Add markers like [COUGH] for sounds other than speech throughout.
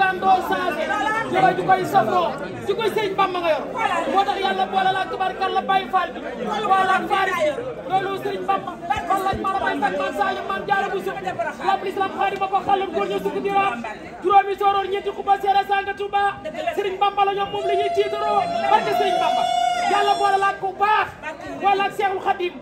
àndandoo changé yore ju koy safoo ju koy sëñ Bamba nga yor moo tax yàlla boole la ak tubarkalla Baye Fall bi boole la ak Bamba man lañ mën a may tag man saa yu man jaara bu su lab lislam xaari ma ko xàlloon góor ñu xuba seera sanga Tuuba sëriñ Bamba la ñoom moom la ñuy tiitaroo barke Bamba yàlla boole la ak ku baax boole ak Seexul Xadim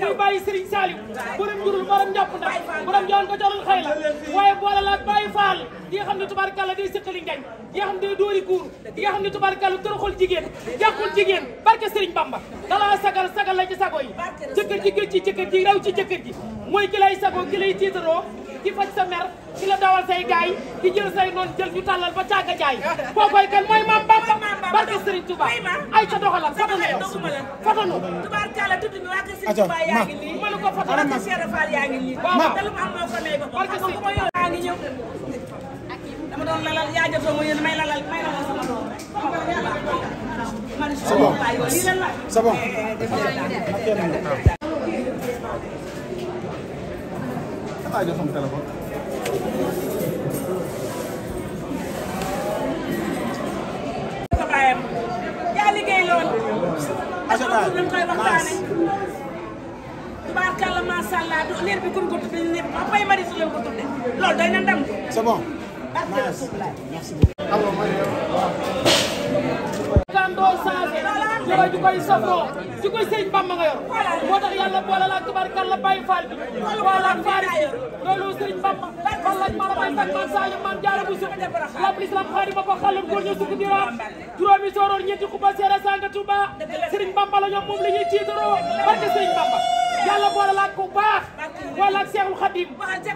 muy bàyyi Serigne Saliou borom jurul borom njàpp na borom joon ko joxul xëy la waaye boole la ak Baye Fall yi nga xam ne tubaarkàlla day sëqali ngañ yi nga xam ne dóori guur yi nga xam ne tubaarkàlla toroxul jigéen jàqul jigéen barke Serigne Bamba dala sagal sagal la ci sago yi jëkkër ji gëj ci jëkkër ji raw ci jëkkër ji mooy ki sago ki tiitaroo ki faj sa mer ki la dawal say gaay ki jël say noon jël ñu tàllal ba càgga jaay kookoy kan mooy maam Bamba barke Serigne Touba ay ca doxalal foto na yow foto nu tubaar kàlla tudd mi waa kër Serigne Touba yaa ngi nii ma la ko foto waa kër Cheikh Fall yaa ngi nii waaw te lu mu am moo ko may ba barke Serigne Touba yaa ngi ñëw dama doon lalal yaa jotoo ma yéen may lalal may lalal sama doom c'est bon c'est bon aajo sama téléphone. yaa liggéey lool. asalaam ñu koy waxtaane. tubaarkalla macha allah du leer bi kun ko tuddee lépp ba fay mari su leen ko tuddee loolu day na ndam. c'est bon. merci beaucoup. mooy ju koy safoo ju koy sëñ Bamba nga yor moo tax yàlla boole la tubarkalla Baye Fall bi wala Faris bi loolu sëñ Bamba man lañ ma la may fekk man Sadio man jaara bu sukk lab lislam xaari ma ko xalun góor ñu sukk dira juróomi sooroor ñetti xuba seera sanga Touba sëriñ Bamba la ñoom moom la ñuy tiitaroo barke yàlla boole laak ku baax wala ak Seexul Xadim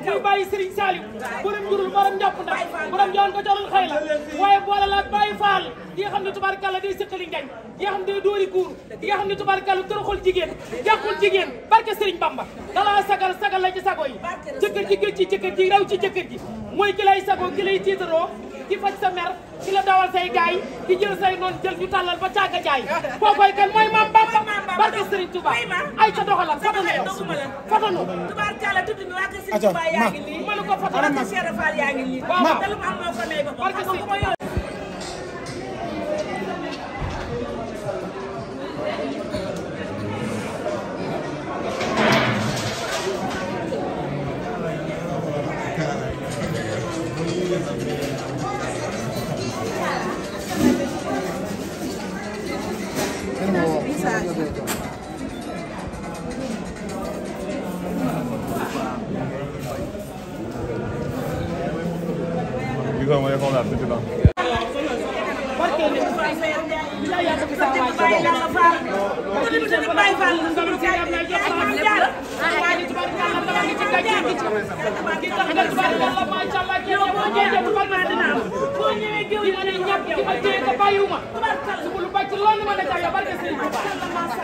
muy bàyyi Serigne Saliou borom njurul borom njàpp ndax borom joon ko jorul xëy la waaye boole laak bàyyi Fall di nga xam ne tubaarkàlla day sëqali ngañ di nga xam ne day dóori kuur di nga xam ne tubaarkàlla toroxul jigéen jàqul jigéen barke Serigne Bamba dala sagal sagal la ci sago yi jëkkër ji gëj jëkkër ji raw ci jëkkër ji mooy ki sago ki tiitaroo ki faj sa mer ki la dawal say gaay ki jël say noon jël ñu tàllal ba càgga jaay kookoy kan mooy maam Bamba barke Serigne Touba ay ca doxalal foto na yow foto ma la ko foto na Cheikh Fall yaa examen mooy xoolaat tuuti na.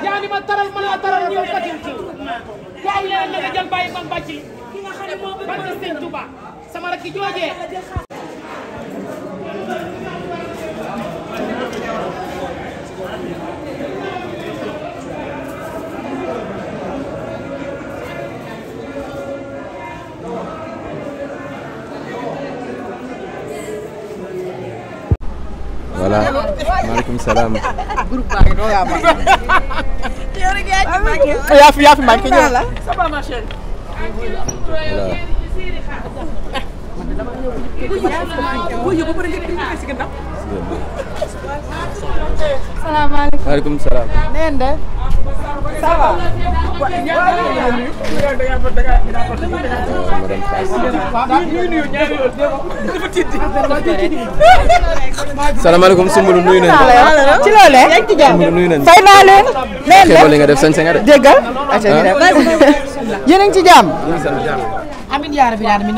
yaa ngi ma taral ma laa taral ñëw ko ci waaw yaa ngi jël bàyyi man bàcc barke Sëñ Tuba sama rakk joojee voilà maaleykum salaam. yaa fi yaa fi manqué ñëw. salaamaaleykum. maaleykum salaam. ça va. waaw salaamaaleykum Soumboulou nuyu nañu ci loolee. Soumboulou nuyu nañu la. fay ah. ci jàmm. amiin yaa rabbi [LAUGHS] yaa ci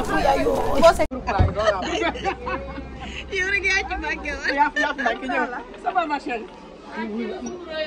màgg. Ah. salaamaaleykum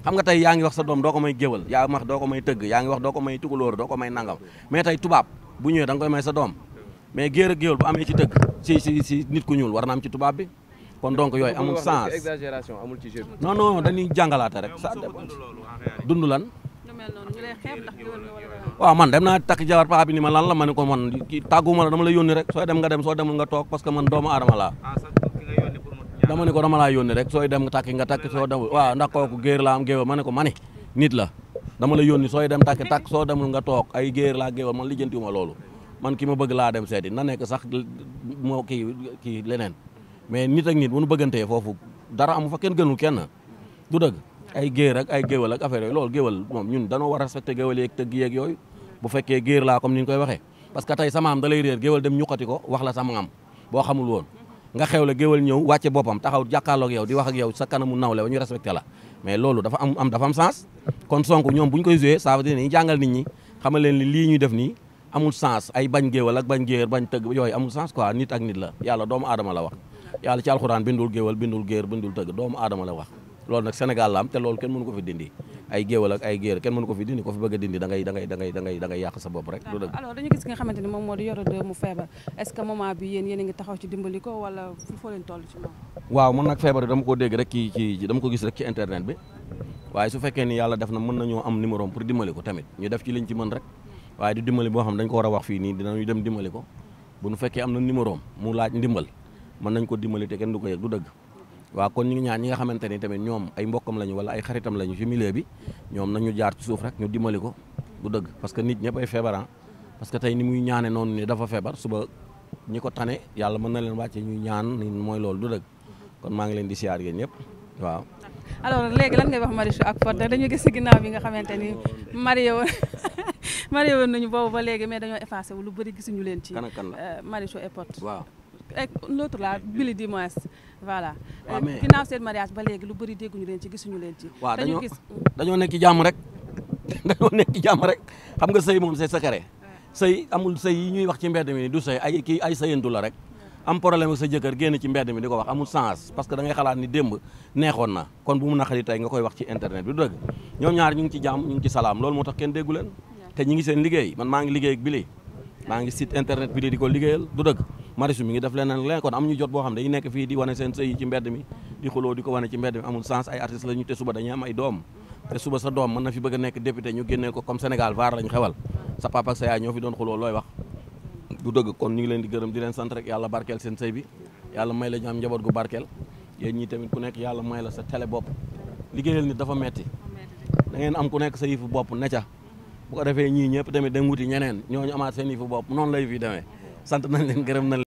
xam nga tey yaa ngi wax sa doom doo ko may géwal yaa wax doo ko may tëgg yaa ngi wax doo ko may tukulóor doo ko may nangam mais tey tubaab bu ñëwee da nga koy may sa doom mais géer ak géwal bu amee ci tëgg si si nit ku ñuul war na am ci tubaab bi kon donc yooyu amul sens exagération amul ci jeu non non dañuy jàngalaate rek ça dund lan waaw man dem naa takk jabar paa bi ni ma lan la ma ne ko man tàgguma la dama la yónni rek soo dem nga dem soo demul nga toog parce que man doomu aadama laa ah, dama ne ko dama laa yónni rek sooy dem takki nga takki soo demul waaw ndax kooku géer la am géewal ma ne ko ma nit la dama la yónni sooy dem takki takk soo demul nga toog ay géer laa géewal man lijjantiwuma loolu man ki ma bëgg laa dem seeti na nekk sax moo kii kii leneen mais nit ak nit bu nu bëggantee foofu dara amu fa kenn gënul kenn du dëgg ay géer ak ay géewal ak affaire yooyu loolu moom ñun danoo war a respecté géewal yeeg tëgg yeeg yooyu bu fekkee géer la comme ni ñu koy waxee parce que tey samaam da lay réer géewal dem ñuqati ko wax la am boo xamul woon nga xew la géwal ñëw wàcce boppam taxaw jàkkaarloog yow di wax ak yow sa kanamu nawle ba ñu respecté la mais loolu dafa am am dafa am kon Sonko ñoom buñ ko koy joué ça ñu jàngal nit ñi xamal leen li lii ñuy def nii amu sens ay bañ géwal ak bañ géer bañ tëgg yooyu amul sens quoi nit ak nit la yàlla doomu aadama la wax yàlla ci alxuraan bindul géwal bindul géer bindul tëgg doomu aadama la wax loolu nag Sénégal la am te loolu kenn mënu ko fi dindi ay géewal ak ay géer kenn ko fi dindi ko ngay da ngay da ngay da ngay da ngay yàq moom moo di Yoro 2 mu feebar est-ce que moment bi yéen a ngi waaw man nag feebar dama ko dégg rek ci ci dama gis rek ci internet bi waaye su fekkee ni yàlla def na mën nañoo am numéro pour dimbali ko tamit ñu def ci liñ ci mën rek waaye du dimbali boo xam dañ ko war a wax fii nii dinañu dem dimbali ko bu ñu fekkee am na numéro mu laaj ndimbal mën nañ ko dimbali te kenn du ko yëg du dëgg waaw kon ñu ngi ñaan ñi nga xamante ni tamit ñoom ay mbokkam lañu wala ay xaritam lañu ci milieu bi ñoom nañu jaar ci suuf rek ñu dimbali ko bu dëgg parce que nit ñëpp ay feebaran ah. parce que tey ni muy ñaane noonu ni dafa feebar suba ñi ko tane yàlla mën na leen wàccee ñu ñaan ni mooy loolu du dëgg kon maa ngi leen di siyaar yéen ñëpp waaw. alors léegi lan ngay wax Marichou ak Fodé dañu gis ginnaaw bi nga xamante ni marié woon [LAUGHS] marié woon nañu boobu ba léegi mais dañoo effacé wu lu bëri gisuñu leen ci. kan ak kan la euh, Marichou ak eh, l'autre là Billy Dimas voilà. waaw ah, eh, mais ginnaaw seen mariage léegi lu bëri dégguñu leen ci gisuñu leen ci. waaw dañoo dañoo ci jàmm rek [LAUGHS] dañoo nekk ci jàmm rek xam nga sëy moom c'est secret. sëy amul sëy yi ñuy wax ci mbedd mi du sëy ay kii ay la rek. am problème ak sa jëkkër ci mbedd mi di ko wax amul sens parce que da xalaat ni démb neexoon na kon bu mu naqari tey nga koy wax ci internet bi du dëgg ñoom ñaar ñu ngi ci jàmm ñu ngi ci salaam loolu moo tax kenn déggu leen te ñu ngi seen liggéey man maa ngi liggéey ak Billy maa ngi site internet bi di ko liggéeyal du dëgg marisu mi ngi def leneen leneen kon am ñu jot boo xam dañu nekk fii di wane seen sëy ci mbedd mi di xuloo di ko wane ci mbedd mi amul a nekk député ñu génnee ko kon ñu ngi leen di gërëm di leen sant rek yàlla barkeel seen sëy bi la ñu am njaboot gu barkeel tamit ku nekk yàlla may la sa télé bopp liggéeyal nit dafa metti da ngeen am ku nekk sa yifu bopp ne ca bu ko defee ñii ñëpp tamit dañ wuti ñeneen ñooñu amaat seen yifu bopp noonu lay fi demee sant nañ leen gërëm nañ